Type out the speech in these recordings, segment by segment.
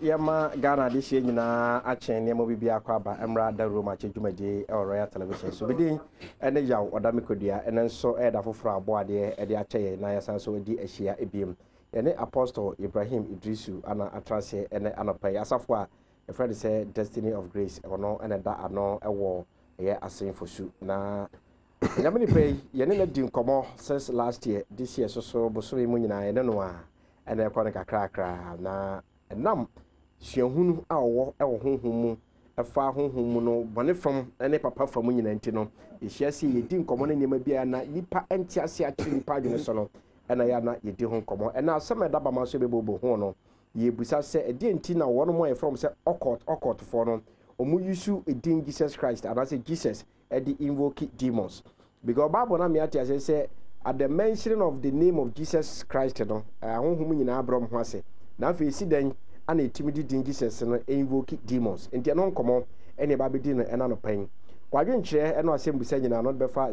yɛma ghana de hyɛ nyinaa akyɛn nneɛma bi bi akɔ aba mmra da roma akyɛ dwumadie ɛwɔ royal television so bidin ɛne yaw ɔda mekodua ɛne nso ɛda foforɔ aboadeɛ ɛde akyɛ yɛn na yɛsan so di ahyia ebiem yɛne apostle ibrahim idrisu ana atraseɛ ɛne anɔpa yi asafo a ɛfrɛ no sɛ destiny of grace ɔno ɛna da ano ɛwɔ ɛyɛ asenfo su na nyame nipa yi yɛne no di nkɔmmɔ since last year this year so bosome mu nyinaa yɛne no a ɛna ɛkɔ no kakrakra na ɛnam suahunu a ɔwɔ wɔ honhom mu ɛfa honhom mu no bɔne fam ne papa fam nyina nti no yɛhyia sɛ yɛdi nkɔmmɔ no nneɛma biara na nnipa nte ase akyerɛ nnipa adwene so no ɛna yɛ ana yɛdi ho nkɔmmɔ ɛna asɛm a ɛda bama so bɛbɔbɔ ho no yɛbusa sɛ ɛdeɛ nti na wɔnom a yɛfrɛ m sɛ ɔkɔt ɔkɔtfoɔ no ɔmu yusu din jesus christ anaasɛ jesus ɛde invoke demons because bible na meate ase sɛ at the mention of the name of jesus christ no ahohom nyinaa brɛ m ho ase na afei si dɛn ana ɛtumi de din jesus no invoke demons nti ɛno nkɔmmɔ ɛne ɛba bɛdi no ɛna no pɛn kwadwenkyerɛ ɛna asɛm busa nyinaa no bɛfa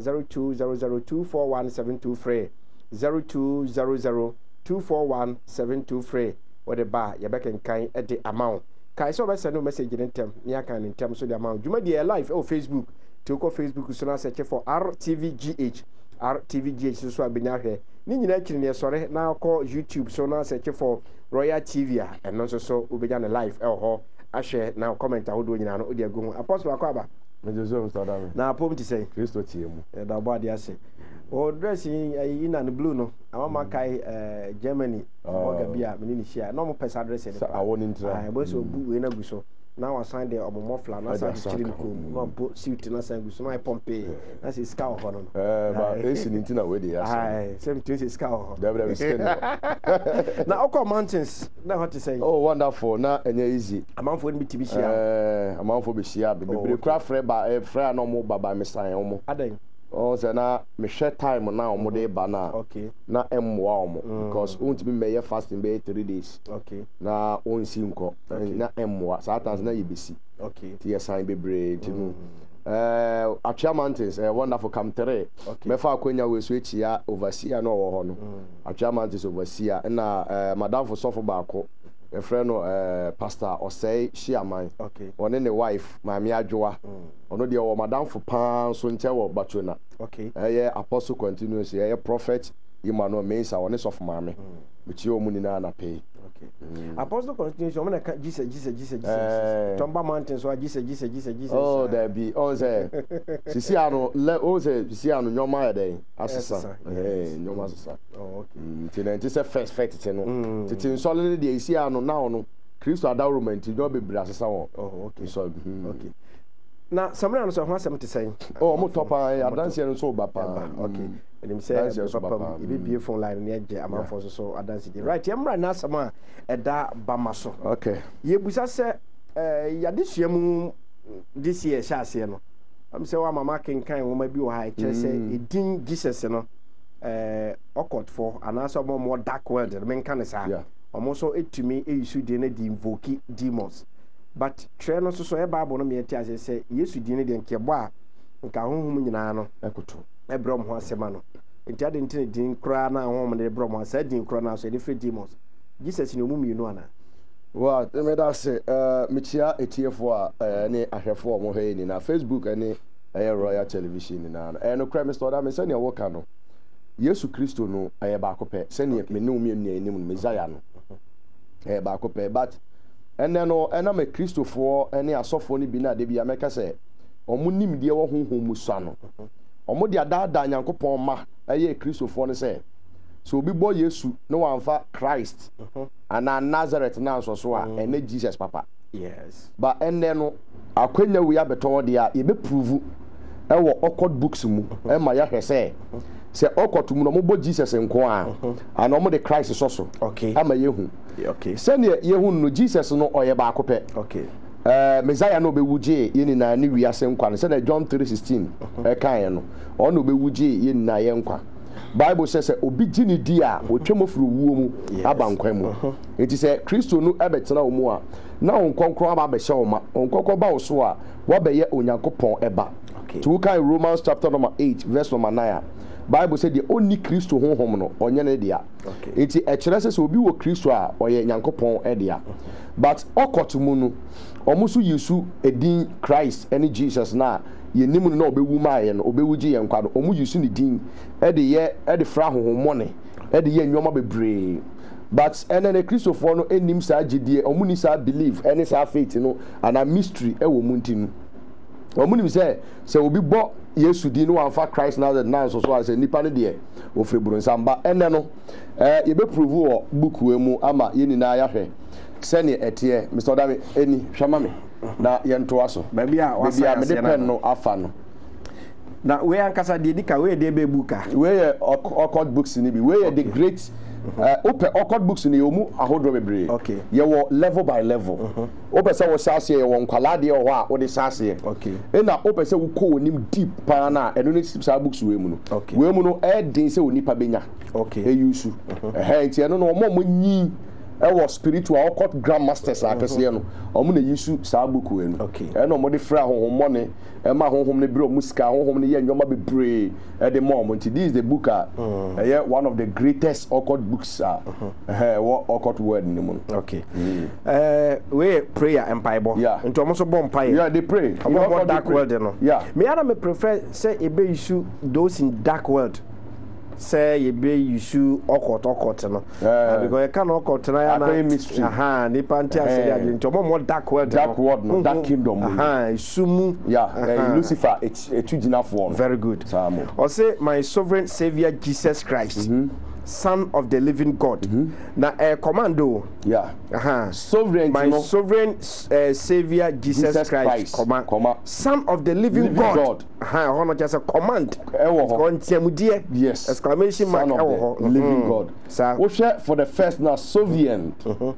0200241723 0200241723 wɔde ba yɛbɛkenkan ɛde ama wo kae sɛ wobɛsɛ no message ne ntɛm ne aka ne ntɛm so de ama wo dwumadeɛ live ɛwɔ facebook nti wokɔ facebook so no asɛkye fɔ rtvgh rtvgh so so a bɛnya hwɛ ne nyinaa akyiri neɛ sɔre na kɔ youtube so no asɛkye fɔ royal tv a ɛno nso so wobɛnya no live ɛwɔ hɔ ahwɛ na comment ahodoɔ nyinaa no wode agu ho apostle akɔ aba na apom te sɛ kristo tie mu ɛda bɔ adeɛ ase wɔ dress yi na no blue no amama mm. kae germany oh. ɔga bi a mene ne hyia na ɔmopɛ saa dress no pa ɛbɔ sɛ ɔbu mm. wei no agu so na wasan deɛ ɔmo mɔfla na san kyiri ne kɔn mu na ɔmpo siwuti na san gu so na ayɛ pɔmpe na sɛ sika wɔ hɔ no. ɛɛ ba esi ni ti na wei de yasa. ayi sɛm tiɛ sɛ sika wɔ hɔ. dabidabi sika ni hɔ. na ɔkɔ mountains na hɔ ti sɛn. oh wonderful na ɛnyɛ easy. amanfoɔ ni bi ti bi hyia. ɛɛ amanfoɔ bi hyia bebree oh, kura frɛ ba ɛɛ eh, frɛ a na ɔmo ba ba mi san ɔmo. adan. sɛ na mehwɛ time na mhm. ɔmo de ba na na ɛmmoa ɔmo mhm. because wontumi mmɛyɛ fasting bɛyɛ three days na ɔnsi nkɔ eh, na ɛmmoa saa times na mhm. yɛbɛsi nti yɛsan bebree nti no eh, atwea mountains ɛyɛ eh, wonderful kam three mɛfa akonnwa wɔ so akyia overseer na ɔwɔ hɔ no atwea mountains overseer ɛna madamfo sɔfo baako yɛfrɛ no ɛɛ eh, pastor ɔsɛe hyiaman ɔne ne wife maame adwoa mm. ɔno deɛ ɔwɔ madamfo paa nso nkyɛn wɔ batona ɛyɛ apostle continuous ɛyɛ prophet emmanuel mensa ɔne sɔfo maame mm. mekyia wɔn nyinaa na pɛɛ apostle mm. continuation ɔmo na ka jesus jesus jesus jesus tɔnba mountain so a jesus jesus jesus jesus. ɔɔ dɛbi ɔn sisi ano lɛ ɔn sɛ sisi ano nyɔma yɛ dɛ asesa ɛɛ eh, nyɔma asesa nti oh, mm, na sɛ first fɛ tete no mm. tete nsɔle ne deɛ esi ano na ɔno kristu adawuro mɛ nti nyɔ e bebree asesa wɔn oh, nsɔle na samina oh, eh, no sɛ ɔho asɛm te sɛn. ɔmo tɔ paa adansi yɛn nso ba paa nim sɛ ibi yɛbɛbie mm. phone line ne agye amanfoɔ so so adansedye right yɛmmra na asɛm a ɛda bama so yɛbusa sɛ eh, yɛade sua mu de si yɛhyɛ aseɛ no am sɛ woama ma kenkan nwoma bi wɔ ha ɛkyerɛ sɛ mm. ɛdin jesus no eh, ɔkɔtfoɔ anaasɛ ɔma ɔmɔ dark world no menka ne saa ɔmo nso ɛtumi ɛyisu deɛ no de invoke demons but twerɛ no nso so ɛba abɔ no meyɛte aseɛ sɛ yesu din no deɛ nkɛbɔ a nka honhom nyinaa no ɛkoto ɛbrɛ ɔmo ho asɛm ano nti adi nti ne din koraa na ahoma de brɔ mu din koraa na so yɛde firi demons jesus ne ɔmu mmienu ana. wa mmeda ase eh, mekyia etiefoɔ a eh, ne ahwɛfoɔ a wɔn hɔ yɛ nyinaa facebook ne ɛyɛ royal television nyinaa eh, no ɛyɛ no kora mr ɔdame sɛnea wɔka no yesu kristo no ɛyɛ baako pɛ sɛnea me ne omi nua anim no mesaya no ɛyɛ baako pɛ but ɛnɛ no ɛnam kristofoɔ ne asɔfoɔ no bi na ade bi amɛka sɛ wɔn nim deɛ wɔ honhom mu sua no. Mhm wɔn de adaadaa nyankopɔn ma ɛyɛ kristofoɔ no sɛ sɛ obi bɔ yesu na wamfa christ mhm. anaa nazareth na nsɔso a mhm. ɛnɛ jesus papa yes ba ɛnɛ no akwanya wei abɛtɔn deɛ a yɛbɛpuruvu ɛwɔ ɔkɔd books mu mhm. ɛma yɛhwɛ sɛ sɛ ɔkɔto mu na ɔmobɔ jesus nko a ana ɔmode christ sɔ so ama yɛhu sɛneɛ yɛhu no jesus no ɔyɛ baako pɛ Eh, mesaya na obɛwu gyee yɛ nyinaa ne wiase nkwa no john 316 ɛkaeɛ eh, no na obɛwu gyee yɛ nyinaa yɛ nkwa bible sɛ sɛ obi gye ne di a wɔtwam afiri wuo mu aba nkwa mu nti sɛ kristo no ɛbɛtena wo na wo nkɔnkrɔn aba abɛhyɛ wo ma ba wo so a woabɛyɛ onyankopɔn ɛba nti wokae romans chapter number 8 verse number 9 a bible sɛ deɛ ɔnni kristo honhom no Ọmụsụ nso yi edin christ ɛne jesus na yɛnim no na ɔbɛwu maayɛ no ɔbɛwu gye nkwa no ɔmo yi su ne din ɛde ahụhụ bebree but kristofoɔ no saa ni saa belief ɛne saa faith no mystery ɛwɔ nti sɛ sɛ obi bɔ yesu din soso sɛ nnipa deɛ sɛne ɛteɛ mr dame ɛni hwɛ ma me na yɛntoa so baabi a mede pɛn no afa no na wei ankasa deɛ di ka wei deɛ bɛbu ka wei yɛ ɔcɔd books ni bi wei yɛ de great uh-huh. wopɛ ɔcɔd books ni yɛ mu ahodoɔ bebree yɛwɔ level by level uh-huh. wopɛ sɛ wɔhyɛ aseɛ yɛwɔ nkwalaa deɛ wɔ hɔ a wode hyɛ aseɛ ɛna wopɛ sɛ wokɔ wɔnim deep paa no a ɛno ne saa books wei mu no wei mu no ɛden sɛ onipa bɛnya ɛyi su uh-huh. ɛhɛ nti ɛno no ɛwɔ spiritual ɔkɔ grand masters akɛseɛ mhm. no ɔmo na yisu saa buku yɛ no ɛna ɔmo de fira ahohomɔ ne ɛma ahohom ne bere ɔmo sika ahohom ne yɛ nneɛma bebree ɛde ma ɔmo nti this is the book a mhm. ɛyɛ one of the greatest ɔkɔt books a mhm. ɛwɔ ɔkɔt world ne mu no. ɛɛ eh, wei prayer mpaebɔ nti ɔmo nso bɔ mpaeɛ yeah they pray ɔmo bɔ dark world no me ara me prefer sɛ ebe yisu those in dark world sɛ yɛbɛ yusu ɔkɔt ɔkɔt no because yɛka na ɔkɔt na yɛna nipa nti asɛde adwene nti ɔmɔ mɔ dark world dark world no dark kingdom esu mu eh, lucifer etu gyinafoɔ no very good ɔse my sovereign saviour jesus christ mm -hmm son of the living god mm -hmm. na ẹ uh, eh, command Yeah. Uh -huh. sovereign my no? sovereign uh, eh, saviour jesus, jesus christ, christ. Comma. Comma. son of the living, living god. god. ọhọ na command. ɛwɔ hɔ ɛwɔ yes exclamation mark ɛwɔ hɔ. son of eh, the mm -hmm. living god. saa wohwɛ for the first na sovereign. Mm -hmm.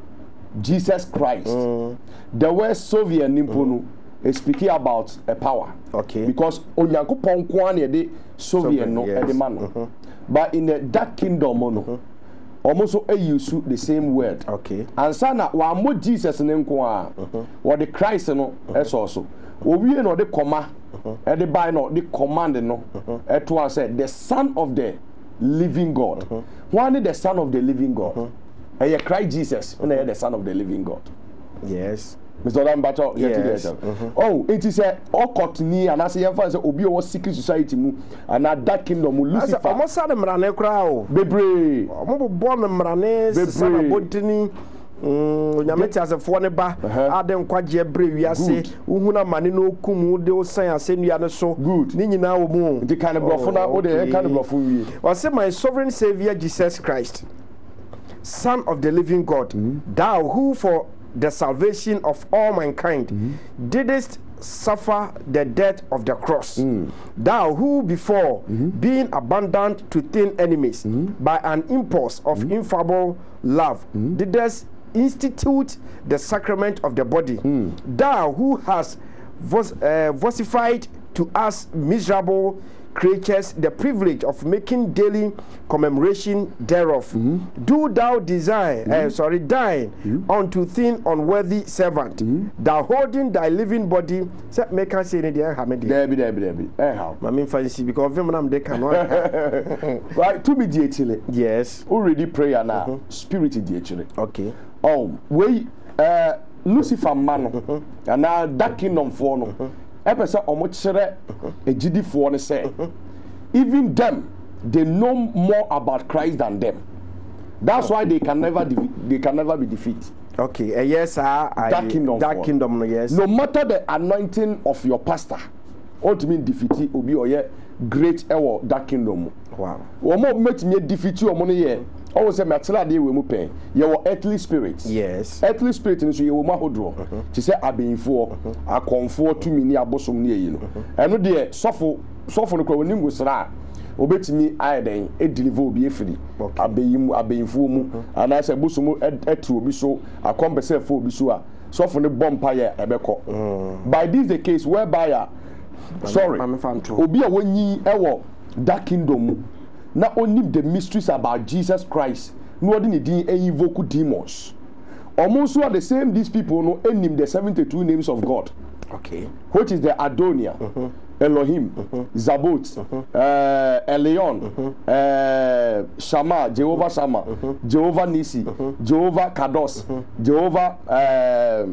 jesus christ. Mm -hmm. the word sovereign nimpo no. Mm -hmm speaking about a power. Okay. Because Onyankopon kwan the Soviet no ɛde ma no. Mm-hmm. But in the dark kingdom no, almost mm-hmm. nso ayi su the same word. Okay. And sana na wɔammo Jesus ne nko a, the mm-hmm. Christ no ɛsɔ so. Owie na ɔde kɔma ɛde ban na ɔde command no ɛto a sɛ the son of the living God. Wɔn ne the son of the living God. Ɛyɛ cry Jesus ɛna ɛyɛ the son of the living God. Yes mr ọlámbàtọ yẹtí dẹ sẹm ọhún etí sẹ ọkọt ni anase yẹn fa sẹ obi ọwọ secret society mu ana dark kingdom lucifer. ọmọ sá ni kura o. bebree. ọmọ bọ bọ ni mìrànlẹ abodini onyame te ne ba ade nkwagyeɛ berɛ wiase wohunu amane no ɔkum wo de wo sɛn asɛnnua no so ne nyinaa wɔ mu nti ka na wode ɛka ne borɔfo wie ɔse my sovereign saviour jesus christ son of the living god mm -hmm. thou who for the salvation of all mankind, mm-hmm. didst suffer the death of the cross. Mm. Thou who before mm-hmm. being abandoned to thin enemies mm-hmm. by an impulse of mm-hmm. infallible love, mm-hmm. didst institute the sacrament of the body. Mm. Thou who hast uh, vocified to us miserable creatures the privilege of making daily commemoration thereof. Mm -hmm. Do thou design, eh, mm -hmm. uh, sorry, dine mm -hmm. unto thin unworthy servant, mm-hmm. thou holding thy living body. Say, make us say there, Hamidi. There be, there be, there be. Anyhow, I mean, fancy because even I'm they cannot. Right, to be the Yes. Already prayer now. Mm -hmm. Spirit the Okay. Oh, we uh, Lucifer man, mm-hmm. and now that kingdom for no. Mm-hmm ɛpɛ sɛ ɔmo kyerɛ agyidifoɔ no sɛ even them they know more about christ than them that's why they can never they can never be defeated. okay uh, yes sir that kingdom that for. kingdom no yes. no matter the anointing of your pastor ultimately defeat obi ɔyɛ great ɛwɔ that kingdom. wow wɔn a wɔn mɛtumi defeat wɔn no yɛ ɔwɔ sɛ mɛteladeɛ wɔ mu pɛn yɛwɔ earthly spirit yes earthly spirit nso yɛwɔ mu ahodoɔ mhm. te sɛ abɛnfoɔ akɔnfoɔ tumi ne abosom ne ayi no mhm. ɛno deɛ sɔfo sɔfo no kora wɔn nim gosira a obetumi ayɛ dɛn ediliva obi efiri abɛyimu abɛnfoɔ mu mhm. anaasɛ bosom ɛti obi so akɔnpɛsɛfo obi so a sɔfo no bɔ mpa yɛ ɛbɛkɔ mm. by this the case whereby a sorry obi a wɔnyi ɛwɔ that kingdom mu na onim the mysteries about jesus christ na ɔde ne din invoke demons ɔmo nso are the same these people no enim the seventy two names of god okay which is the adonia. Mm -hmm. Elohim, uh mm-hmm. -huh. Zabot, uh -huh. uh, Elion, uh mm-hmm. -huh. uh, eh, Shama, Jehovah mm-hmm. Shama, uh -huh. Jehovah Nisi, uh -huh. Jehovah Kados, uh -huh. Jehovah. Uh, eh,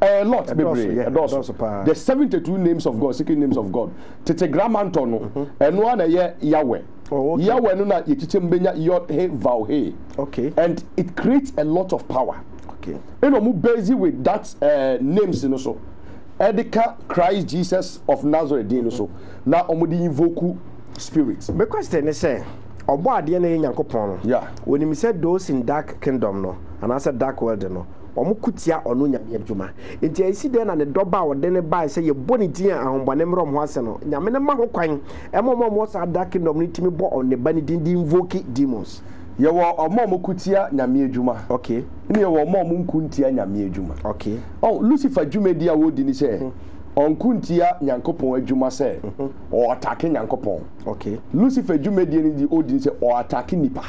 a eh, lot bebree yeah, the seventy two names of god secret names of god tete grammar ntɔ no ɛnua na ɛyɛ yahweh Oh, okay. Yahweh no na yetiche mbenya yod he vow he. Okay. And it creates a lot of power. Okay. Eno mu busy with that uh, names no so. Edika Christ Jesus of Nazareth din no so. Na omo di invoke spirit. Me question is say ọbọ adeɛ no yɛ nyankopɔn no yeah. wɔnim sɛ those in dark kingdom no anaasɛ dark world no wɔn kutia tia ɔno nyame adwuma nti ɛsi dɛn na ne dɔba a ɔde ne baa sɛ yɛbɔ ne din a ahombɔne mmerɛ ho ase no nyame ne ma ho kwan ɛma ɔma ɔmo saa dark kingdom no tumi bɔ ɔne ba ne din de invoke demons yɛwɔ ɔmo ɔmo ko tia nyame adwuma okay ne yɛwɔ ɔmo ɔmo nko ntia nyame adwuma okay ɔ lucifer dwumadi a wɔdi ni sɛ. -hmm ɔnko ntia nyankopɔn adwuma sɛ mhm. ɔatake nyankopɔn lucifer dwumadie no di ɔdi sɛ ɔatake nipa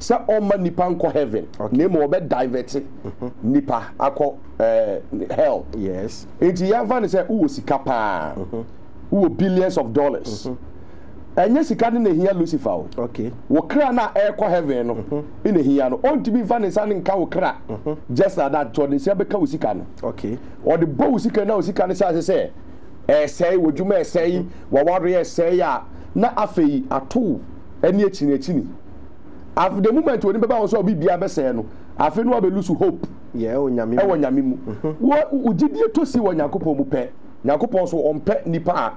sɛ ɔmma nipa nkɔ heaven na mmom ɔbɛdivɛte mhm. nipa akɔ eh, hell nti yɛmfa no sɛ wowɔ sika paa mhm. wowɔ billions of dollars mm -hmm ɛnyɛ sika ne na lucifer o wò kra na ɛɛkɔ heaven no ɛna mhm. ehia no ɔntumi nfa ne nsa ne nka wò kra mhm. just like that tɔ ne nsa bɛka wò sika no ɔde bɔ wò sika na wò sika no sase sɛ ɛsɛɛ wò dwuma ɛsɛɛ mhm. wɔwɔre ɛsɛɛ a na afei ato ɛne ekyini ekyini after the moment wɔn bɛba wɔn sɛ ɔbi bia bɛsɛɛ no afei no wabɛ lose hope ɛwɔ nyame mu wɔ gyidie to si wɔ nyakopɔn mu pɛ nyakopɔn so ɔmpɛ nipa a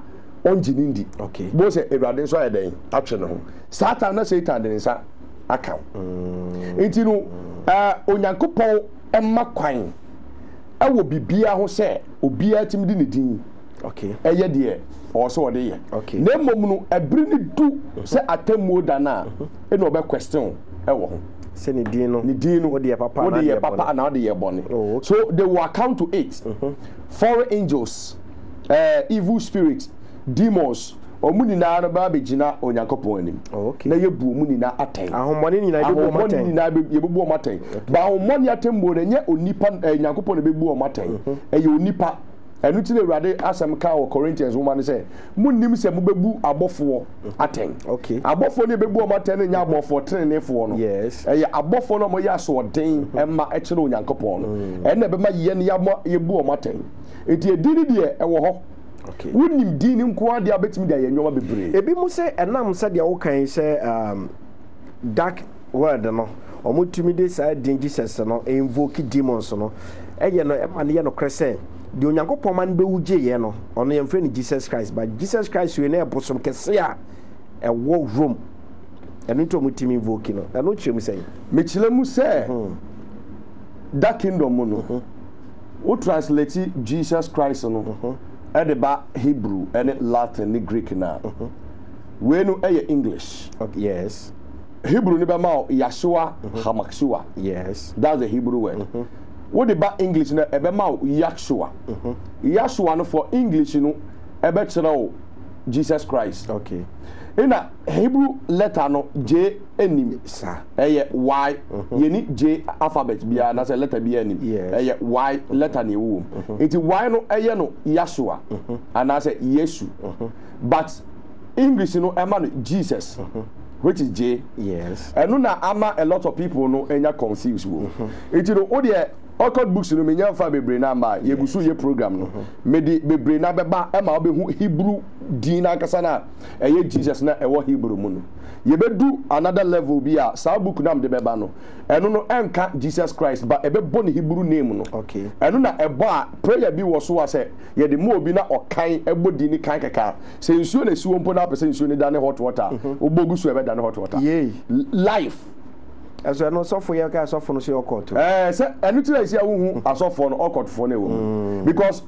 ɔngye ne bó sɛ awurade nso ayɛ dɛn atwe ne ho saatan na satan de nsa aka mm. nti no onyankopɔn ɛma kwan ɛwɔ biribiara ho sɛ obiara tumi di ne din ɛyɛ deɛ ɔwɔ ɔde yɛ na mmom no ɛbiri ne du mhm. sɛ atemmuo da a mhm. ɛna ɔbɛ question ɛwɔ ho sɛ ne din no ne din no wode yɛ papa wode yɛ papa na wode yɛ bɔne oh, so they will account to it mhm. foreign angels uh, evil spirits demons ɔmu nyinaa eh, mm-hmm. mm-hmm. no baa anim na yɛbu ɔmu nyinaa atɛn ahomɔne nyinaa na ɔm atɛn ba onipa na bɛbu ɔm onipa ti na awurade asɛm ka wɔ corinthians woma no sɛ monnim sɛ mobɛbu abɔfoɔ atɛn abɔfoɔ no yɛbɛbu mm-hmm. no ya mm. deɛ ɛwɔ wonim din ne nkoa deɛ wobɛtumi de ayɛ nnwoma bebree ebi mu sɛ ɛnam sɛdeɛ wokan sɛ um, dark word no ɔmotumi de saa din jesus no invoke demons no ɛyɛ no ɛma no yɛ nokorɛ sɛ deɛ onyankopɔn ma no bɛwu gyeeɛ no ɔno yɛmfrɛ no jesus christ but jesus christ wei no yɛ bosom kɛse a ɛwɔ rome ɛno nti ɔmotumi voki no ɛno kyerɛ mu sɛn mekyerɛ mu sɛ hmm. da kingdom mu no mhm. wo translate jesus christ no mhm ɛde ba hebrew ɛne latin ne greek na mhm. wei no ɛyɛ english okay, yes hebrew ni bɛ ma o yasuwa mhm. hamaksuwa yes that's the hebrew word mm -hmm. wode ba english na ɛbɛ ma o yasuwa mm no for english no ɛbɛ kyerɛ o jesus christ okay na hebrew letter no j anim saa ɛyɛ y mhm. yɛni j alphabet biara nasɛ letter biara anim ɛyɛ y mhm. letter na ɛwɔ mu mhm. nti y no ɛyɛ no yasua anaasɛ yesu but english no ɛma no jesus which is j Yes. ɛno na ama a lot of people no ɛnya confused wɔ nti no o deɛ. Orchard books no menya mfa bebree na ama yɛgu so yɛ program no mede bebree na bɛba ɛma wobɛhu hebrew din no ankasa no a ɛyɛ jesus na ɛwɔ hebrew mu no yɛbɛdu another level bi a saa book no mde bɛba no ɛno no ɛnka jesus christ ba ɛbɛbɔ ne hebrew name no ɛno na ɛbɔ a prayer bi wɔ so a sɛ yɛde ma obi na ɔkan ɛbɔ din no kan kɛkaa sɛ nsuo na ɛsi wɔ mpo no apɛ nsuo no dane hot water a mhm. wobɔgu so ɛbɛdane hot water life ɛsɛ ɛno sɔfo yɛ ka sɔfo no so yɛ ɔkɔt ɛɛ sɛ ɛno ti na esi ahuhu asɔfo no ɔkɔtfo no ewu because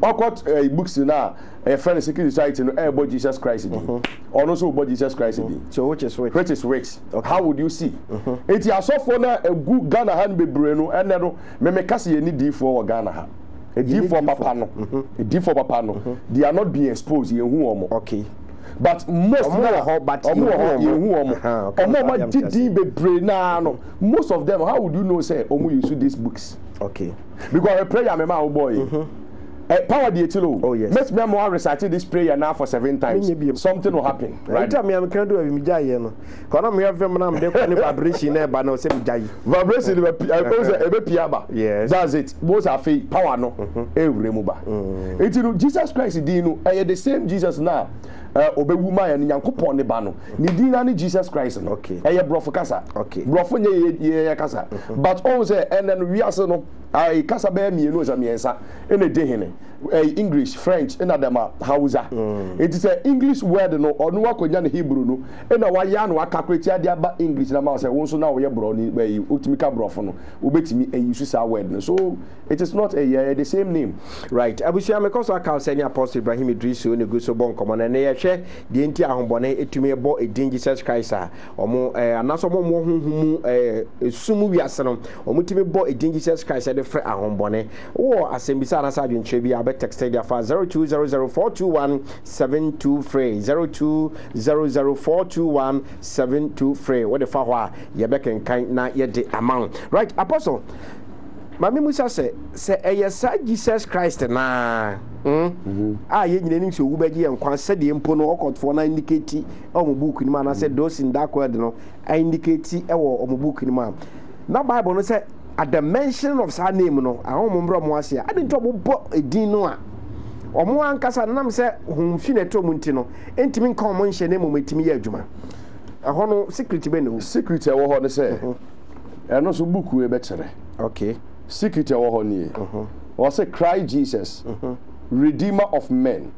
ɔkɔt ɛɛ eh, books na ɛfɛ no secret society no ɛɛbɔ jesus christ di ɔno nso bɔ jesus christ di mm-hmm. so which is which which is which okay. how would you see mm-hmm. eti asɔfo na egu ghana ha no bebree no ɛnɛ no mɛmɛ kasi yɛ ni diifoɔ wɔ ghana ha ediifoɔ papa no ediifoɔ mm-hmm. papa no they are not being exposed yɛn hu Okay but most na but wɔ hɔ yɛn hu wɔn ọmọ ọmọ di din bebree naa no most of them how would you know say you see these books. okay because prayer mi ma wo bɔ yi. Uh, power the etilo. Oh yes. Let's me I recited this prayer now for seven times. Something will happen. Eh, right. tell me I'm can do I'm jai no. Kono me have me na me dey vibration na ba na say jai. Vibration eh. be I go say e be piaba. Yes. That's it. Both are faith power no. E wure mu ba. Mm. Etilo Jesus Christ din no. Eh the same Jesus now. obewu maa yɛ no nyankopɔn ne ba no ne din na ne jesus christ no ɛyɛ borɔfo kasa borɔfo nyɛ yɛ kasa mm-hmm. but ɔn sɛ ɛnɛ no wiase no ayi ah, eh, kasa bɛyɛ mmienu ɔsɛ mmiɛnsa ɛna di hene ɛyi eh, english french ɛna dɛm a hausa mm. eti sɛ english word no ɔno akɔnya ne hebrew no ɛna wayɛ ano akakureti adi aba english na ma sɛ wɔn nso na wɔyɛ borɔni ɛyi eh, otumi ka borɔfo no obetumi ɛyi so saa word no so it is not ɛyɛ uh, the same name. right abusua mi kɔsɔ akaw sɛ ni apɔsɔ ibrahim idrisu ne gu bɔ nkɔmɔ na ɛnɛ yɛhwɛ deɛ nti ahobɔne etumi bɔ edin jesus christ a ɔmo ɛɛ anaso ɔmo ɔmo huhu mu ɛɛ frɛ ahombɔne wowɔ asɛmbisa anasɛ adwenkyerɛ bi abɛtexte de afa 0200421723 0200421723 wode fa hɔ a yɛbɛkenkan na yɛde ama wo right apostle maame musa sɛ sɛ ɛyɛ saa jesus christ naa hmm, a yɛ nyina nim sɛ owu bɛgye yɛ nkwa sɛdeɛ mpo no ɔkɔtofoɔ no indikati ɔmo buuku no mu anaasɛ dosin dakoɛde no indikati ɛwɔ ɔmo buuku no mu a na bible no sɛ at the mention of saa name no ahom mo mbrɛ mo ase a adi nti ɔmo bɔ edin no a ɔmo ankasa nam sɛ homfi na ɛtɔ mu nti no ntumi nka ɔmo nhyɛ ne mu etumi yɛ adwuma ɛhɔ no secret bɛ na o. secret ɛwɔ hɔ ne sɛ ɛno nso buku yɛ bɛkyerɛ. okay secret ɛwɔ hɔ nie wɔsɛ cry jesus redeemer of men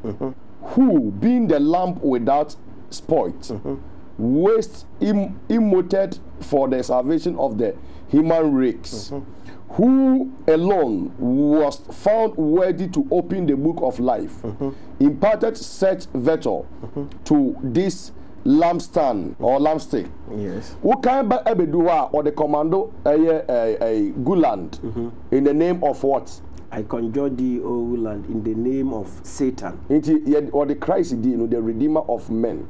who being the lamp without spoil. Uh -huh waste Im- immoted for the salvation of the human race, mm-hmm. who alone was found worthy to open the book of life, mm-hmm. imparted such virtue mm-hmm. to this lampstand or lampstick. Yes. Who can by a or the commando a uh, uh, uh, Guland mm-hmm. in the name of what? I conjure thee, O land, in the name of Satan. Nti yɛ ɔde Christ di no the redeemer of men.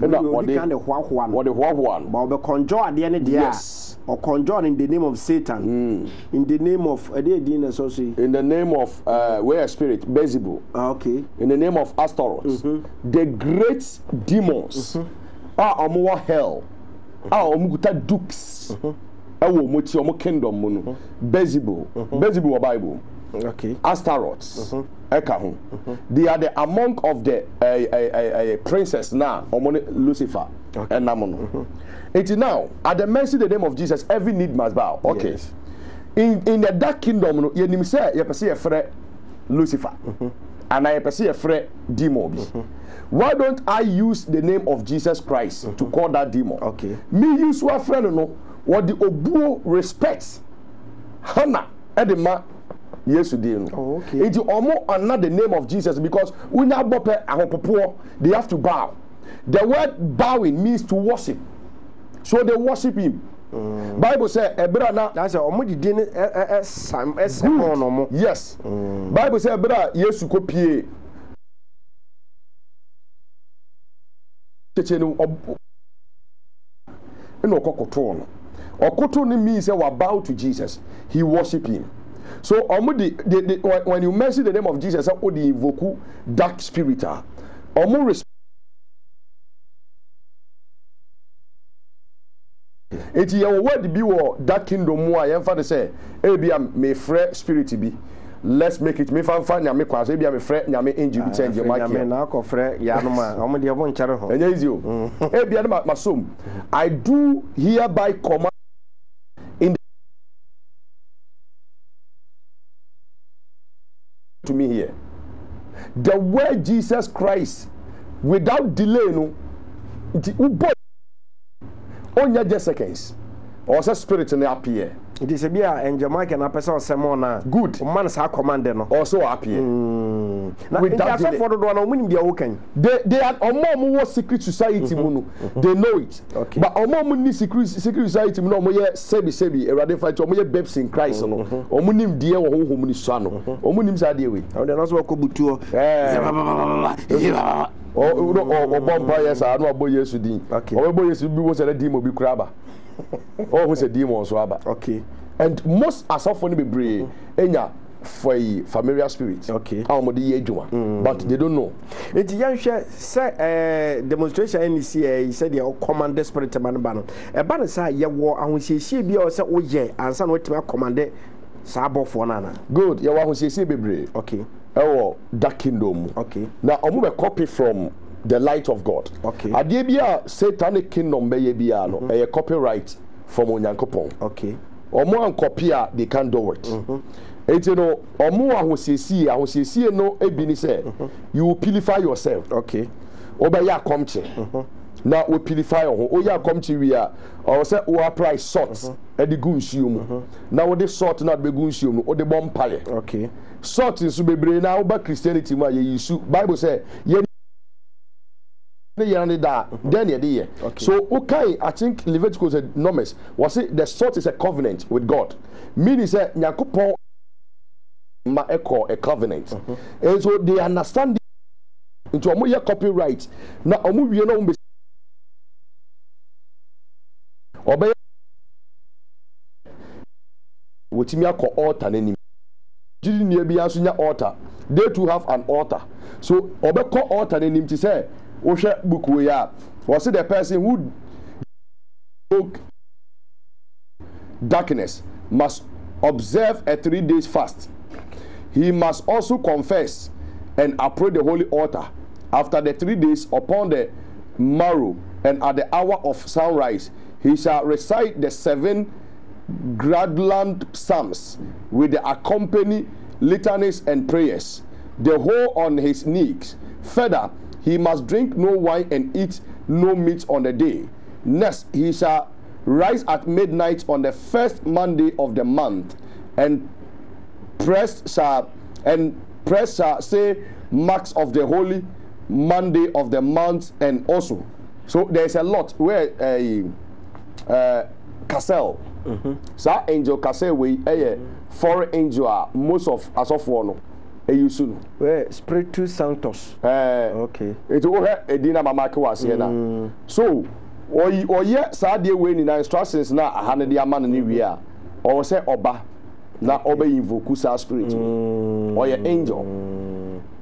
Ɛna ɔde ɔde hoahoa no. Ɔde hoahoa no. Ba ɔbɛ conjure adeɛ ne deɛ. Yes. Ɔconjure in the name of Satan. Mm. In the name of ɛdeɛ di na sɔsɔ yi. In the name of uh, where spirit Beelzebub. Ah, okay. In the name of Astaroth. Mm -hmm. The great demons. Mm -hmm. A ah, wɔn wɔ hell. A ah, wɔn kuta dukes. Ɛwɔ mm-hmm. ah, wɔn ti wɔn kingdom mu no. Mm-hmm. Beelzebub. Mm-hmm. Beelzebub wɔ Bible okay. Astaroths. Mm -hmm. Eka ho. Mm -hmm. They are the among of the uh, uh, uh, princess now, Omoni Lucifer. Okay. And Namono. Mm -hmm. now, at the mercy of the name of Jesus, every need must bow. Okay. Yes. In, in the dark kingdom, no, yɛnim You yɛpɛ a yɛfrɛ Lucifer. Mhm. and I yɛpɛ a yɛfrɛ demon bi. Mhm. Why don't I use the name of Jesus Christ mm -hmm. to mhm. call that demon? Okay. Me use what friend no, what the obuo respects? Hannah edema Yesterday, din no nti ɔmo ana the name of jesus because when wonya bɔ pɛ poor, they have to bow the word bowing means to worship so they worship him. Mm. bible sɛ ɛberɛ eh, na sɛ ɔmo didi no ɛsam eh, eh, ɛsɛmɔn no mo yes mm. bible sɛ ɛberɛ a yesu kɔ pie kyekyɛ no ɛna ɔkɔ kotoɔ no ɔkoto no mean sɛ wabow to jesus he worship him so ọmụ dị dị dị when you mention the name of jesus ọ dị invoku dark spirit a ọmụ respect. nti yɛwɔ word bi wɔ that kingdom mu a yɛmfa no sɛ ebi a mefrɛ spirit bi let's make it mefa nfa nyame kwan so ebi a mefrɛ nyame angel bi sɛ ngyɛm akeɛ nyame n'akɔfrɛ yanom a wɔn deɛ wɔn nkyɛn ho ɛnyɛ easy o mm. ebi a ma ma som i do hereby command. to me here. The way Jesus Christ, without delay, no, nti wobɔ onye just seconds ɔwɔ sɛ spirit no appear nti sɛ bi a njɛmɔ akɛ na apɛ sɛ ɔsɛmɔ na good ɔma no saa kɔmande no ɔsɛ ɔapeɛ mm. na nti asɔfoɔ dodoɔ no ɔmo nim deɛ ɔwɔ kan they they are ɔmo a ɔmo wɔ secret society mu mm-hmm. no mm-hmm. they know it okay. but ɔmo a ɔmo ni secret secret society mu na ɔmo yɛ sɛbi sɛbi ɛwurade fa kyɛ ɔmo yɛ babes in christ no mm-hmm. ɔmo nim deɛ wɔ honhom ni soa no ɔmo nim saa deɛ wei. ɔmo deɛ n'asɔ kɔ butuo ɛɛ ɔbɔ mpa yɛ saa ɔno abɔ yesu din ɔbɛbɔ yesu bi wɔ sɛ ɛdɛ di mu obi kura ba ɔhu oh, sɛ demon so aba okay. and most asafo no bebree ɛnya for a familiar spirit. okay a wɔn de adwuma. Mm. but they don't know. nti yɛnhwɛ sɛ ɛɛ eh, demonstration ɛni si ɛɛ eh, sɛdeɛ ɔkɔmande spirit ma no ba no ɛba ne sa yɛwɔ ahosiesie bi a ɔsɛ ɔyɛ ansa na ɔtumi akɔmande saa abɔfoɔ no ana. good yɛwɔ ahosiesie bebree. okay ɛwɔ dark kingdom okay na wɔn bɛ copy from the light of god okay adeɛ bi a satanic kingdom bɛyɛ bi a no mm-hmm. ɛyɛ copyright from onyankopɔn okay ɔmo ankɔpi a they can do it mm-hmm. eti no ɔmo ahosiesie ahosiesie no ebi ni sɛ mm-hmm. you will purify yourself okay ɔbɛyɛ akɔmkye na o purify ɔho oyɛ akɔmkye wi a ɔwɔ sɛ o apply salt ɛde gu nsuo mu na o salt na bɛ gu nsuo mu o bɔ mpaeɛ okay salt nso bebree na ɔba christianity mu a yɛ yi su bible sɛ yɛ yɛn de da then yɛ de yɛ so ukai i think leviticus and numbers was it the salt is a covenant with god meaning sɛ nyankopɔn ma ɛkɔ a covenant uh and so they understand into wɔn yɛ copyright na wɔn wie na wɔn bɛ ɔbɛyɛ wotumi akɔ altar n'anim gyidi nia bi nso nya altar they too have an altar so ɔbɛkɔ altar n'anim ti sɛ wohwɛ book wei a wɔsi the person who broke darkness must observe a three days fast he must also confess and approach the holy altar after the three days upon the morrow and at the hour of sunrise he shall recite the seven gradland psalms with the accompanying litanies and prayers the whole on his knees further He must drink no wine and eat no meat on the day. Next, he shall rise at midnight on the first Monday of the month, and press shall and press shall say marks of the holy Monday of the month, and also. So there is a lot where uh, uh, Cassell. Mm -hmm. saa angel Cassell wei ɛyɛ eh, mm -hmm. foreign angel a most of of one eyi su no. wɛ spiritu santos. ɛɛ ok etu wohɛ edin na mama akewa aseɛ na so ɔyi ɔyɛ saa adeɛ wei nyinaa instructions na aha ne de ama no ne wie a ɔwɔ sɛ ɔba na ɔbɛ invoke saa spirit ɔyɛ mm. angel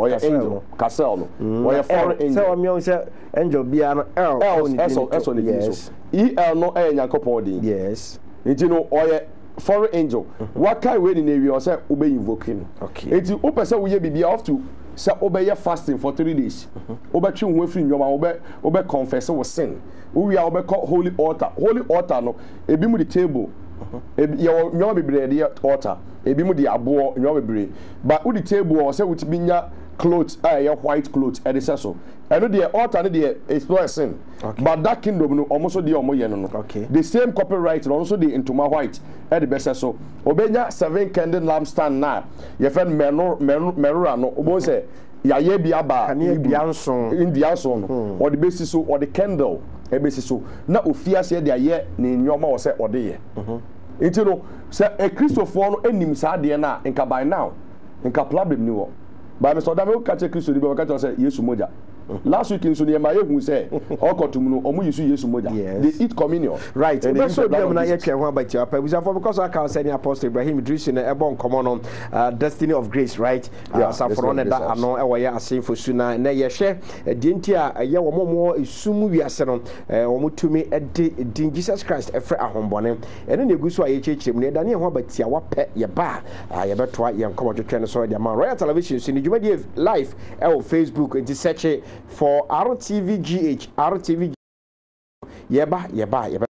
ɔyɛ angel kasɛl no ɔyɛ foreign angel. sɛ ɔmi ɔn sɛ angel biara ɛl ɛsɔ ɛsɔ ne din so el no ɛyɛ nyankopɔn din. yes nti no ɔyɛ foreign angel waka ìwé ni n'ewia ọsẹ ọbẹ invoke no eti ọpẹ sẹ wọyẹ bibi off to sẹ ọbẹ yẹ fasting for three days ọbẹ twi wọn fi nyọma ọbẹ ọbẹ confess wọ sin ọwia ọbẹ kọ holy altar holy altar no ebi mu di table mhm. ebi yẹ wọ nyọma bebree yẹ di altar ebi mu di aboɔ nyɔma bebree but wọ table wọ sẹ wọ ti nya. Clothes, a ɛyɛ white clothes. ɛde hyɛ so ɛno deɛ altar no deɛ is blessing okay. but that kingdom no ɔmo nso deɛ ɔmo yɛ no no okay. the same copyright no ɔno nso de ntoma white ɛde bɛhyɛ so obenya seven candle lamp stand na yɛfɛ mɛno mɛno mɛrora no obo sɛ yàyẹ bi aba ndua nson ndua nson no hmm. ɔde bɛsi so ɔde candle ɛbɛsi so na ofiase de ayɛ ne nneɛma wɔ sɛ ɔde yɛ mhm. nti no sɛ ekristofoɔ eh, no enim saa deɛ na nka by now nka problem ni wɔ ba me sɛ ɔda mɛwoka kyɛ kristo ni bɛ wɔka kyɛ sɛ last week nso nìyẹn maa yẹ hun sẹ ọkọtum no ọmọ yisu yesu mogya they eat communion. right ebe so bi amuna yẹ twẹ ho abati apa ebusafo because aka ọsẹ ni apostle ibrahim idris na ẹbọ nkọmọ no destiny of grace right asaforo ne da ano ẹwọ yẹ asenfo su na na yẹhwẹ deɛ nti a ɛyɛ wɔn mo esum wiase no wɔn tumi de din jesus christ ɛfrɛ ahombɔne ɛne na egu so a yɛkyerɛkyerɛ mu na ɛda ne yɛn ho abati a wapɛ yɛ ba a yɛbɛtoa yɛn kɔmɔ twetwe no so ɛde ama royal television so ne dwumadie live ɛwɔ eh, facebook nti sɛkye for rtvgh rtvgh yɛba yɛba yɛbɛ